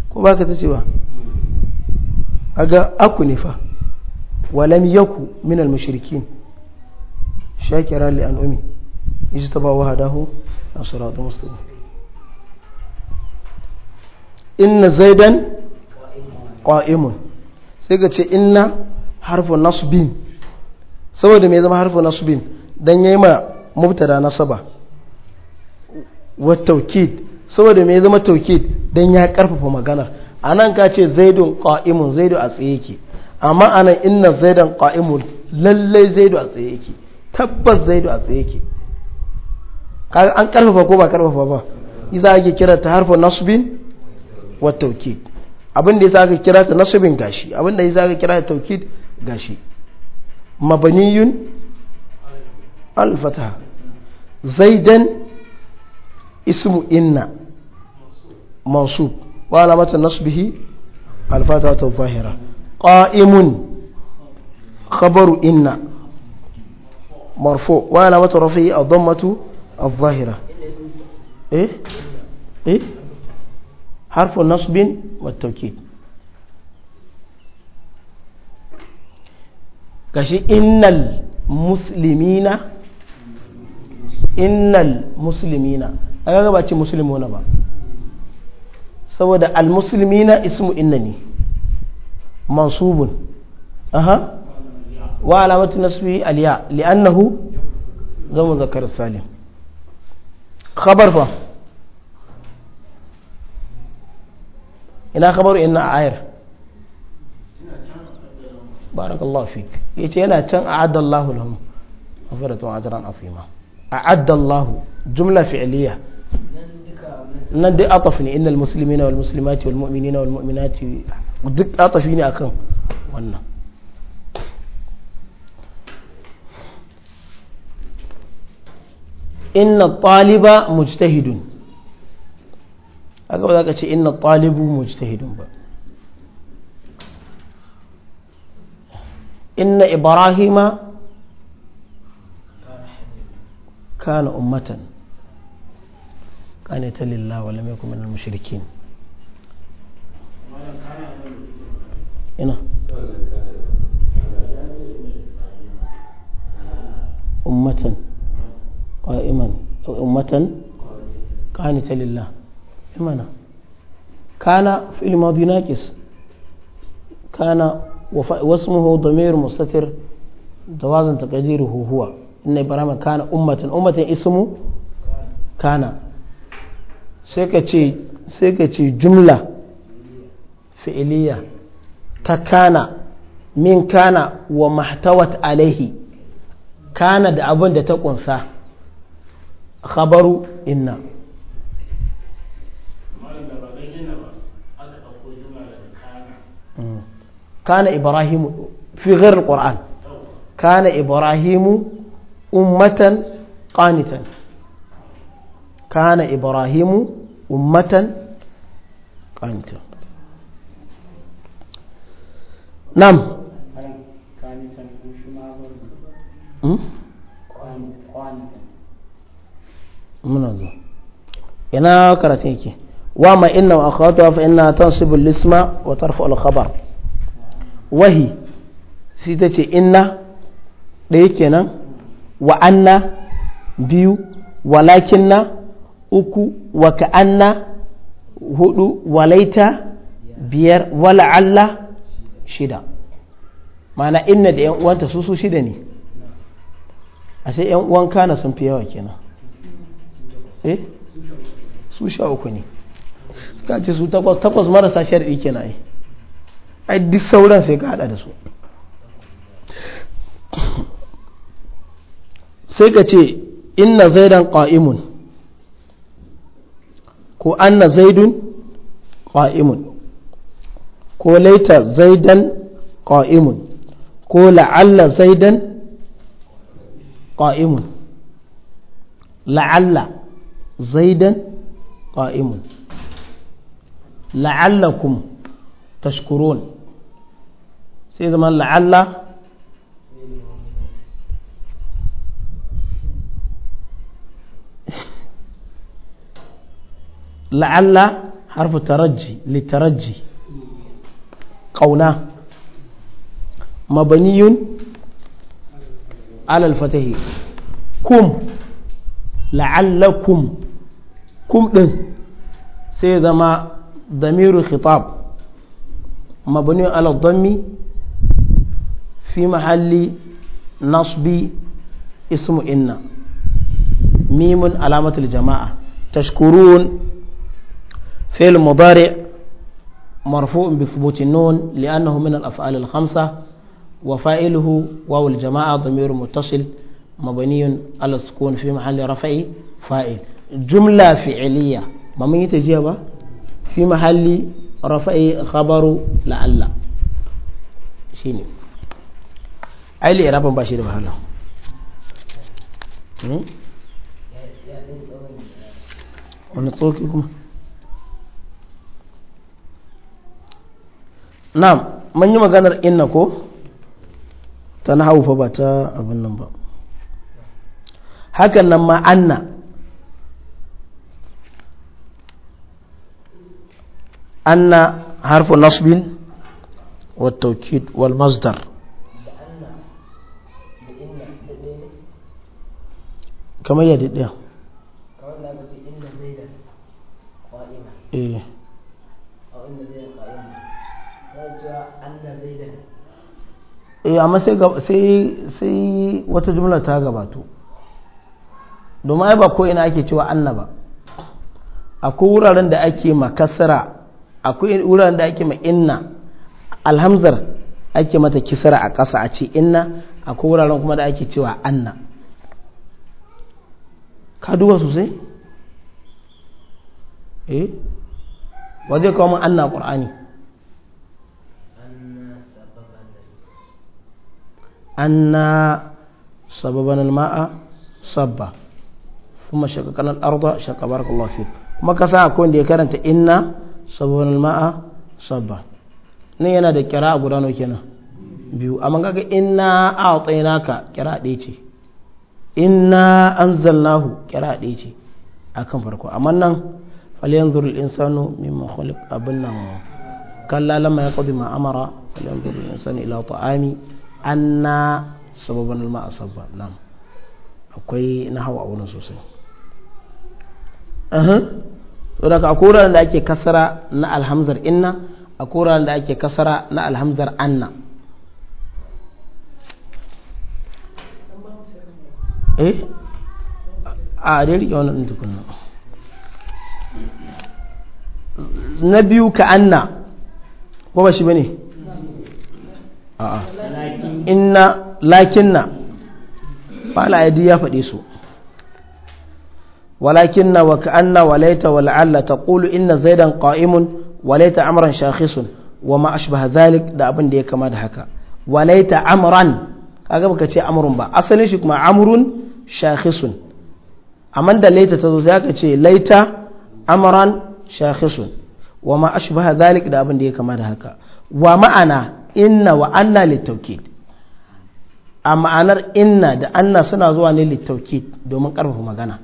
[SPEAKER 1] ko ba ka ta ce ba aga aku ne fa walam yaku min al-mushrikin shakira li an'umi ijtaba wa hadahu as mustaqim inna zaidan qa'imun sai ka ce inna harfu nasbin saboda me zama harfu nasbin dan yayi ma mubtada nasaba wa taukid saboda me ya zama taukid don ya karfafa maganar nan ka ce zaidun qa'imun zaidu a tsaye yake amma anan inna zaidan qa'imun lallai zaidu a tsaye yake tabbas zaidu a tsaye yake kaga an karfafa ko ba karfafa ba yasa ake kira ta harfa nasubin wa taukid abin da yasa aka kira ta nasubin gashi abin da yasa aka kira ta taukid gashi mabaniyun al-fataha zaidan ismu ina mansub wa alamata nasbihi alfata ta zahira qa'imun khabaru inna marfu wa الظاهرة إيه إيه حرف نصب والتوكيد كشي إن المسلمين إن المسلمين a kaga ba ce musulmuna ba saboda almusulmina ismu innani mansubun aha wa alamatu nasbi aliya li'annahu zama zakar salim khabar fa ina khabaru inna a ayar barakallahu fik yace yana can a'adallahu lahum mafiratun ajran azima a'adallahu جملة فعلية نندي أطفني إن المسلمين والمسلمات والمؤمنين والمؤمنات ودك أطفني أكم وانا إن الطالب مجتهد أقول لك إن الطالب مجتهد إن إبراهيم كان أمةً قانتا لله ولم يكن من المشركين أمة ummatan أمة ummatan لله إمانا كان في الماضي madi كان وف... واسمه ضمير مستتر توازن تقديره هو إن إبراهيم كان أمة أمة اسمه كان sai ka ce jumla fi'iliya ta kana min kana wa mahtawat alaihi kana da abin da ta kunsa khabaru inna kana ibrahimu fi ghair qur'an kana ibrahimu ummatan kana ibrahimu ummatan qanita nam hmm? muna zo ina karatun yake wa ma inna akhawatuha fa inna tansibu al-isma wa tarfu al wahi ta ce inna ɗaya kenan wa anna biyu walakinna uku wa ka'anna hudu walaita biyar Allah shida mana inna da 'yan uwanta su su shida ne a 'yan uwan kana sun fi yawa kenan eh su sha uku ne ka ce su takwas takwas marasa shari'i kenan ai ai duk sauran sai ka hada da su sai ka ce inna zaidan qa'imun ko anna zaidun qa'imun ko laita zaidan qa'imun ko la'alla zaidan qa'imun la'alla zaidan qa'imun la'allakum tashkurun sai zama la'alla la'alla harfu taraji litaraji ƙauna mabaniyun alal fatahi kum la'allakum kum ɗin sai zama damiru khitab mabaniyun alal dhammi fi mahalli nasbi ismu inna mimun alamatul jama'a tashkurun فعل مضارع مرفوع بثبوت النون لأنه من الأفعال الخمسة وفائله واو الجماعة ضمير متصل مبني على السكون في محل رفع فائل جملة فعلية ما من يتجيب في محل رفع خبر لعل شيني أي لي إرابة باشر بحاله ونصوكي كمان na'am mun yi maganar inna ko ta na haufa ba ta abin nan ba hakan nan ma anna anna harfu nasbin wa taukid wal masdar kamar yadda ɗaya ƙwa'ina E, amma sai sai wata jumla ta gabato domin ai ba ko ina ake cewa Allah ba akwai wuraren da ake makasara akwai wuraren da ake ma inna alhamzar ake mata kisara a ƙasa a ce inna akwai wuraren kuma da ake cewa anna ka duba sosai eh waje kawo mun anna ƙur'ani أنا سببنا الماء صبا ثم شققنا الأرض شقا بارك الله فيك ما كسا أكون دي كرنت إنا سببنا الماء صبا yana da kira guda nawa kenan biyu amma kaga inna a'tainaka kira ɗaya ce inna anzalnahu kira ɗaya ce kan farko amma nan falyanzur al-insanu mimma abin nan kalla lamma yaqdi ma amara insanu ila ta'ami anna sababan ma asabba nam akwai na hawa wurin sosai saboda a akwai da ake kasara na alhamzar inna akwai da ake kasara na alhamzar anna eh a dai rike wannan tukunna na biyu ka anna ko ba shi bane inna lakinna fa'ala aidi ya faɗi su walakinna wa ka'anna wa laita wa la'alla taqulu inna zaidan qa'imun wa laita amran shakhisun wa ma ashbaha zalik da abin da ya kama da haka wa laita amran kaga baka ce amrun ba asalin shi kuma amrun shakhisun amma da laita tazo sai aka ce laita amran shakhisun wa ma ashbaha zalik da abin da ya kama da haka wa ma'ana inna wa anna littaukid a ma'anar inna da anna suna zuwa ne littaukid domin karfafa magana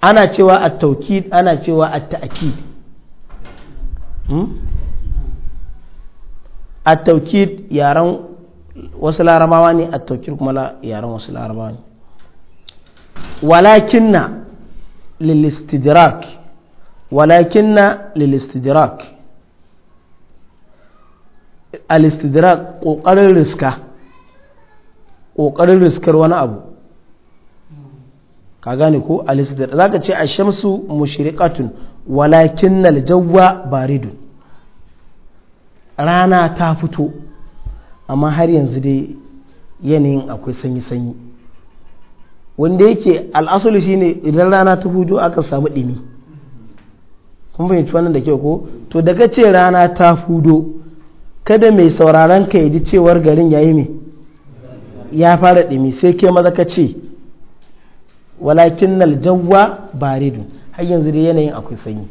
[SPEAKER 1] ana cewa a taukid ana cewa a ta'akid hmm? a taukid yaren wasu larabawa ne a taukid kuma yaren wasu larabawa ne walakinna lilistidrak walakinna lilistidrak alistidira ƙoƙarin riska ƙoƙarin riskar wani abu ka gane ko alistidira za ka ce a shamsu mushriqatun walakin naljawwa baridun rana ta fito amma har yanzu dai yanayin akwai sanyi-sanyi wanda yake al'asuli shine idan rana ta hudu aka samu ɗimi kuma fahimci wannan da kyau ko to daga ce rana ta hudu kada mai sauraron ka yi cewar garin ya yi mai ya fara ɗimi sai ke maza ka ce walakin nal ba baridu har yanzu da yanayin akwai sanyi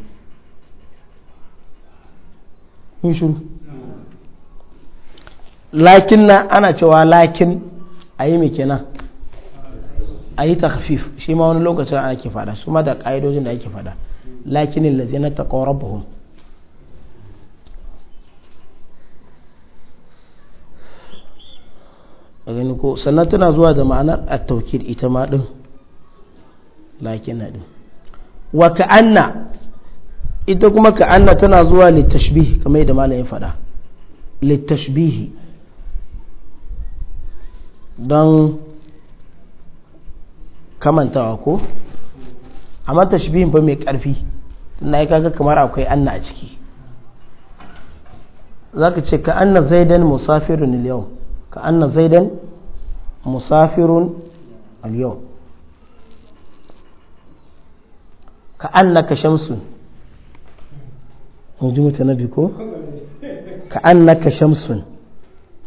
[SPEAKER 1] lakin na ana cewa lakin a yi mai kenan a yi takfif shi ma wani lokacin ana ke fada su ma da ƙa'idojin da ake fada lakinin lazina ta ƙorar buhun gani ko sannan tana zuwa da ma'anar a taukir ita ma din lakin din wa ka'anna ita kuma ka'anna tana zuwa littashbihi kamar yadda malamin faɗa littashbihi don kamantawa ko amma tashbihin ba mai ƙarfi na yi kaga kamar akwai anna a ciki za ka ce ka zai zaidan musafirin yau ka anna zaidan musafirun al annaka shamsun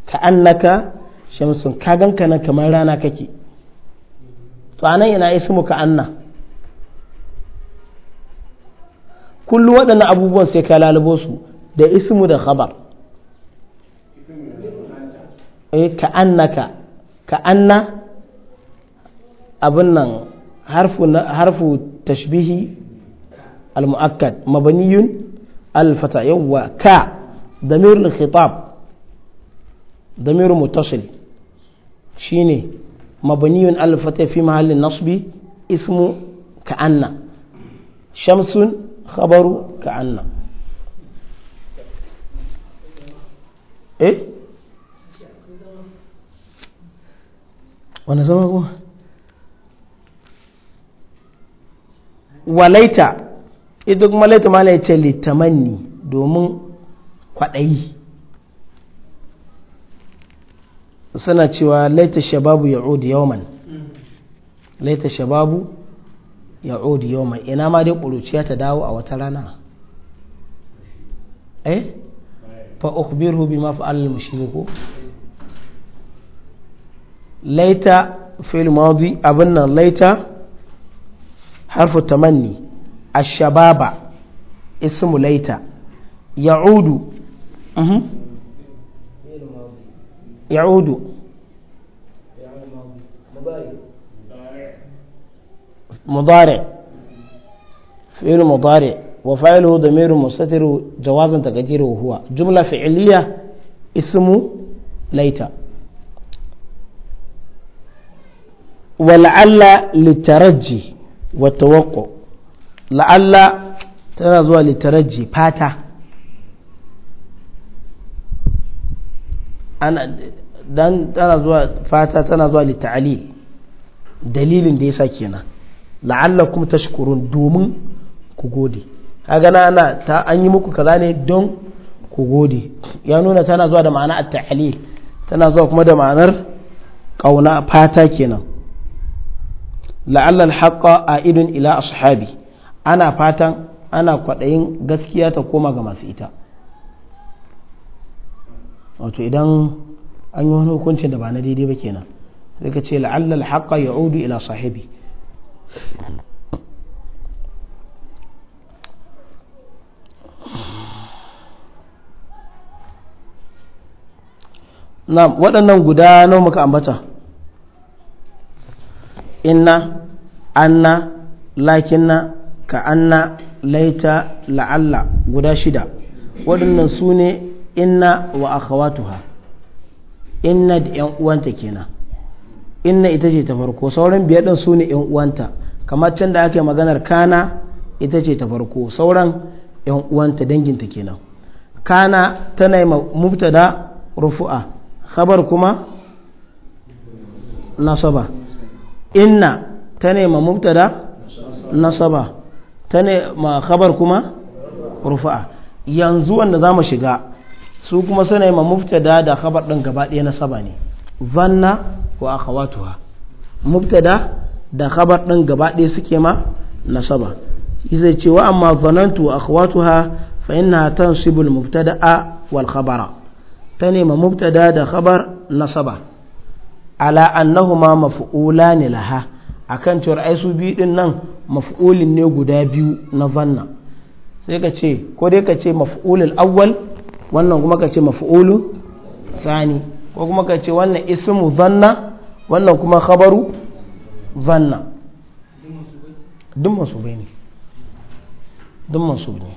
[SPEAKER 1] ka annaka shamsun nan kamar rana kake to anan ina ismu ka anna kullu waɗannan abubuwan sai ka lalubo su da ismu da khabar eh ka annaka ka abin nan harfu tashbihi al-mu'akkad mabaniyun al-fata yawwa ka damir khitab damir muttasil shine mabaniyun al-fata fi mahallin nasbi ismu ka shamsun khabaru ka eh wani zama ko walaita ita kuma laita ma ya ce litamanni domin kwaɗayi suna cewa laita shababu ya odi yawman laita shababu ya odi yawman ina ma dai ƙuruciya ta dawo a wata rana eh fa ukhbiruhu bima fa'al al-mushriku ليت في الماضي أبنا ليت حرف التمني الشباب اسم ليت يعود يعود مضارع فعل مضارع وفعله ضمير مستتر جوازا تقديره هو جملة فعلية اسم ليت wal'alla litaraji wa tawakko la'alla tana zuwa litaraji fata dan tana zuwa fata tana zuwa litali dalilin da ya sa kenan la'alla kuma tashkurun domin ku gode hagana ana ta an yi muku kaza ne don ku gode ya nuna tana zuwa da ma'ana a tana zuwa kuma da ma'anar ƙauna fata kenan la'allal haqqa a idun ila ashabi ana fatan ana kwaɗayin gaskiya ta koma ga masu ita wato idan an yi wani hukuncin da ba na daidai ba kenan sai ka ce la'allal haqqa ya'udu ila sahibi na waɗannan guda nawa muka ambata inna anna lakinna ka anna laita la'alla guda shida waɗannan su ne inna wa akhawatuha inna da yan uwanta kenan inna ita ce ta farko sauran biyar ɗin su ne yan uwanta kamar can da aka yi maganar kana ita ce ta farko sauran yan uwanta danginta kenan kana tana yi mubtada rufu'a khabar kuma nasaba inna ta nema mubtada nasaba ta nema khabar kuma rufa'a yanzu wanda za mu shiga su kuma su nema mubtada da khabar ɗin gaba ɗaya nasaba ne vanna wa akhawatuha mubtada da khabar ɗin gaba ɗaya suke ma nasaba zai ce wa amma zanantu wa akhawatuha fa inna tansibul mubtada'a wal khabara ta nema mubtada da khabar nasaba ala annahuma maf'ulani laha akan cewar ai su biyu din nan maf'ulin ne guda biyu na zanna sai ka ce ko dai ka ce maf'ulul awwal wannan kuma ka ce maf'ulu sani ko kuma ka ce wannan ismu zanna wannan kuma khabaru zanna su bai ne duk mansub ne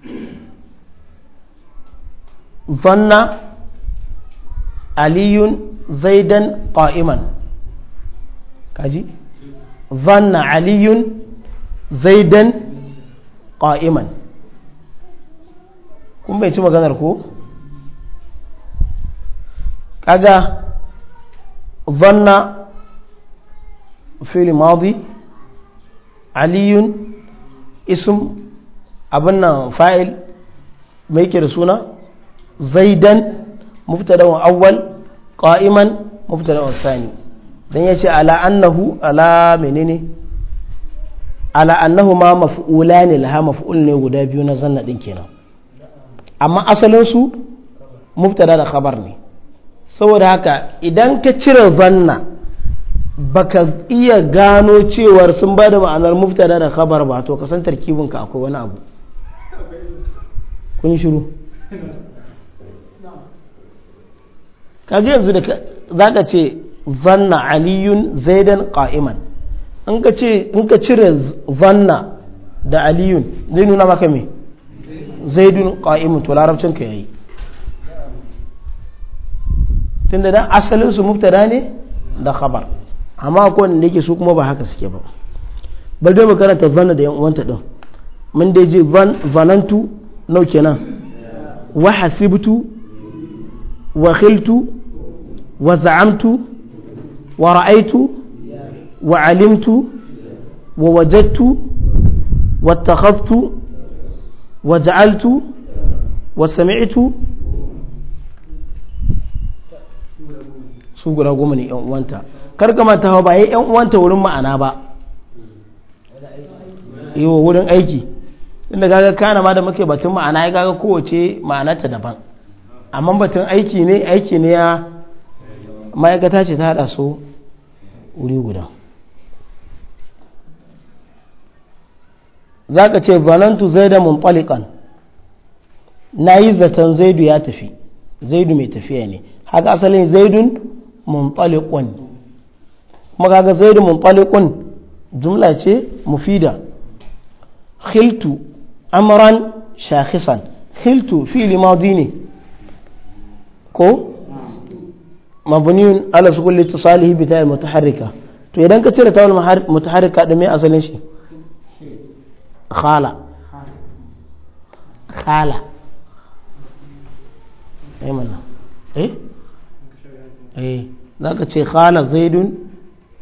[SPEAKER 1] Thank you. zanna aliyun zaidan qa'iman zanna aliyun zaidan qa'iman kun bai ci maganar ko kaga zanna fili aliyun isum abin fa'il mai yake da suna zaidan mubtada wa Ƙa'iman, qa'iman sani dan yace ala annahu ala menene ala annahu ma maf'ulani laha maf'ul ne guda biyu na zanna din kenan amma asalin su mubtada da khabar ne saboda haka idan ka cire zanna baka iya gano cewar sun bada ma'anar muftada da khabar ba to kasan tarkibinka akwai wani abu kun shiru kaga yanzu da zaka ce zanna aliyun zaidan ƙa'iman in ka cire zanna da aliyun zai nuna maka mai zaidun qa'imun to larabcin ka yayi tun da asalin su mubtada ne da khabar amma ko wanda yake su kuma ba haka suke ba bal dai karanta zanna da yan uwanta din mun dai je vanantu nau kenan wa hasibtu wa khiltu wa ورأيت wa ra'aitu wa وجعلت wa wa takhaftu wa wa su guda goma ne yan uwanta kar ka ta ba yi yan uwanta wurin ma'ana ba yiwo wurin aiki inda kaga kana ma da muke batun ma'ana ya gaga kowace ma'ana ta daban amma batun aiki ne aiki ne ya ma'aikata ce ta hada su wuri guda za ka ce valantu zaida munfalikan na yi zaton zaidu ya tafi zaidu mai tafiya ne haka asalin zaidun munfalikun kuma ga zaidu munfalikun jumla ce mufida hiltu amran shakisan khiltu fili limadi ne ko mabniyun ala kulli tusalihi bi ta'il mutaharrika to idan ka cire ta'il mutaharrika da me asalin shi khala khala eh mana eh eh zaka ce khala zaidun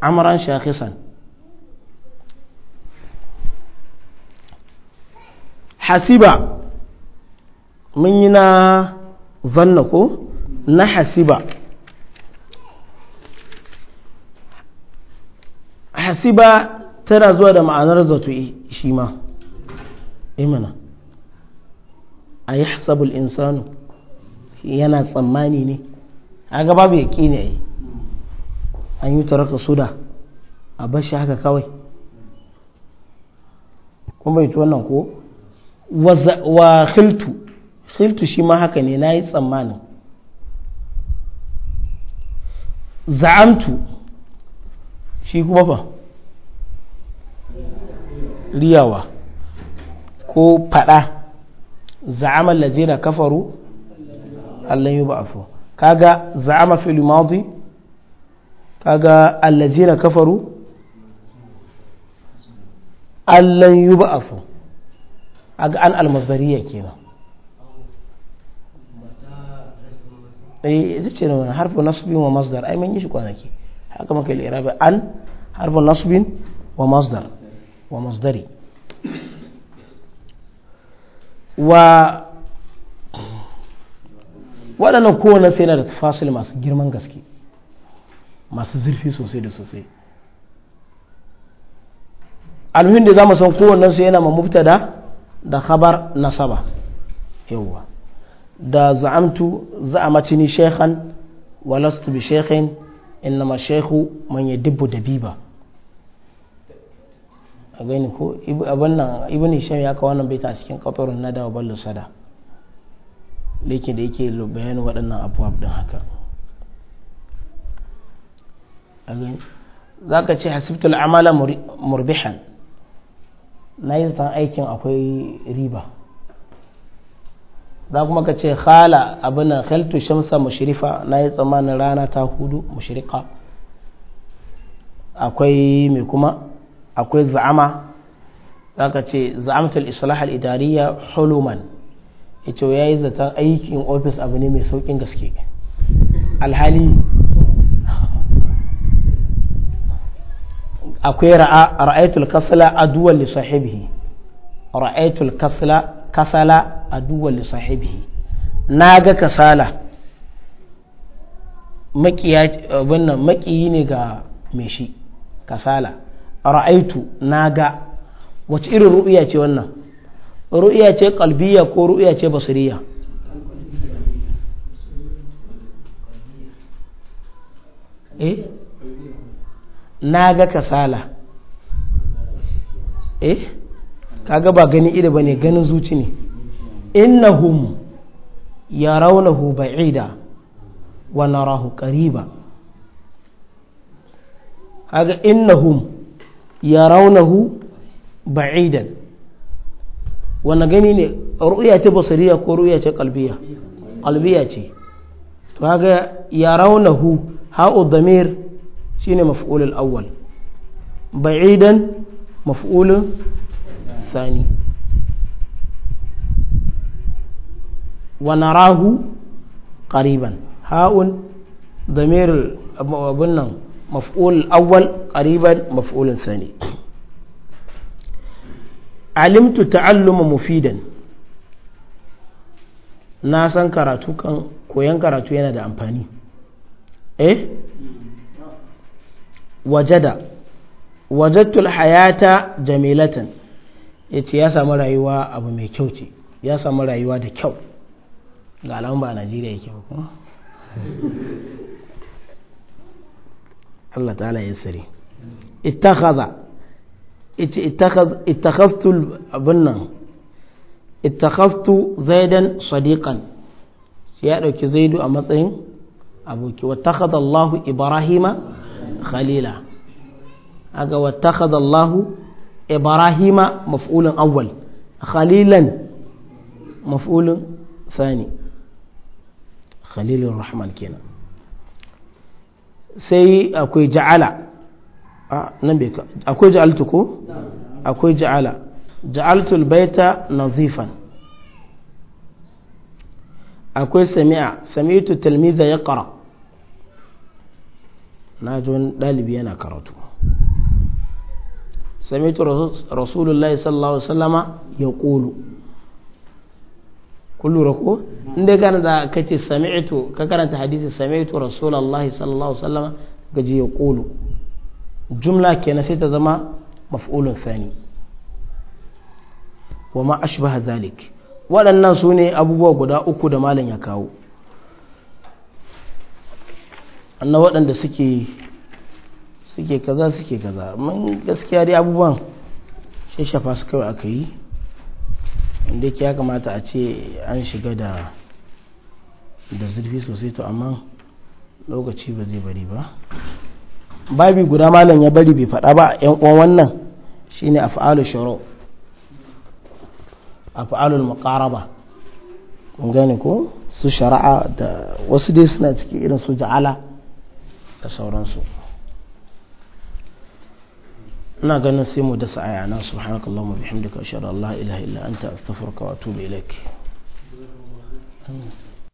[SPEAKER 1] amran shakhisan hasiba mun yi na zanna ko na hasiba hasiba tana zuwa da ma'anar zato shi ma imana eh a yi hasabul insanu yana tsammani ne a gaba babu yaƙi ne a yi an yi taraka suda a bashi haka kawai kuma bai ci wannan ko wa khiltu khiltu shi ma haka ne na yi tsammanin za'amtu shi kuma fa riyawa ko fada za'ama allazina kafaru allan yub'athu kaga za'ama fil madi kaga allazina kafaru allan A aga an almasdariya kenan eh ita ce harfu nasbi wa masdar ai mun yi shi kwanaki haka maka yi irabi an harfin nasbin wa masdar wa masdari wa waɗannan kowane sai na da fasil masu girman gaske masu zurfi sosai da sosai alhuhin da za mu san su yana ma mubtada da khabar nasaba yawwa da za'amtu za'amacini shekhan walastu bi shekhin innama shehu man ya dubu da biba a gani ko abin nan ibn hisham ya kawo wannan baita cikin kafarun nada wa ballo sada da da yake bayanin waɗannan abubuwa din haka za ka ce hasibtul amala murbihan na yi aikin akwai riba za kuma ka ce khala abin khaltu shamsa mushrifa na yi tsammanin rana ta hudu mushrika akwai mai kuma akwai za'ama za ka ce za'amtul islah al-idariya huluman ya yi zaton aikin ofis abu ne mai saukin gaske alhali akwai ra'aitul kasala aduwan li sahibihi ra'aitul kasala kasala a duwal sahibi na ga kasala maƙiyi ne ga mai shi kasala ra'aitu na ga wacce irin ru'iya ce wannan ru'iya ce kalbiya ko ru'iya ce basiriya eh na ga kasala eh kaga ba gani ido bane ganin zuci ne innahum yarawnahu ba'ida wa narahu qariba kaga innahum yarawnahu ba'idan wanda gani ne ru'ya ce basariya ko ru'ya ce qalbiya qalbiya ce to kaga yarawnahu ha'u damir shine maf'ulul awwal ba'idan maf'ulun الثاني ونراه قريبا هاء ضمير أبنى مفعول nan قريبا مفعول ثاني علمت تعلم مفيدا na san karatu kan karatu yana da amfani eh wajada hayata jamilatan ya ce ya samu rayuwa abu mai kyau ce ya samu rayuwa da kyau ga alamun ba a najeriya yake ba kuma Allah ta'ala ya sari ittakhadha yace ittakhadhtu abun nan ittakhadhtu zaidan sadiqan ya dauki zaidu a matsayin aboki wattakhadha Allahu ibrahima khalila aga wattakhadha Allahu ibrahima maf'ulun awwal khalilan maf'ulun thani khalilur rahman kenan sai akwai ja'ala nan bai akwai ja'altu ko akwai ja'ala ja'altul baita nazifan akwai sami'a sami'tu talmiza ya ƙara na ji wani ɗalibi yana karatu سمعت رسول الله صلى الله عليه وسلم يقول kullu inda kace sami'tu ka karanta hadisi sami'tu rasulullahi sallallahu alaihi wasallam gaji ya qulu jumla kenan sai ta zama maf'ulun thani wa ma ashbaha dhalik waɗannan su abubuwa guda uku da malam ya kawo annan waɗanda suke suke kaza suke kaza mun gaskiya dai abubuwan shashafa su kawai aka yi inda ya kamata a ce an shiga da da zurfi sosai to amma lokaci ba zai bari ba babi guda malam ya bari bai faɗa ba yan uwan wannan shine af'alu shuru af'alul muqaraba kun gane ko su shari'a da wasu dai suna cikin irin su ja'ala da sauransu ina ganin sai mu dasa aya nan subhanakallahumma bihamdika ashhadu an la ilaha illa anta astaghfiruka wa atubu ilaik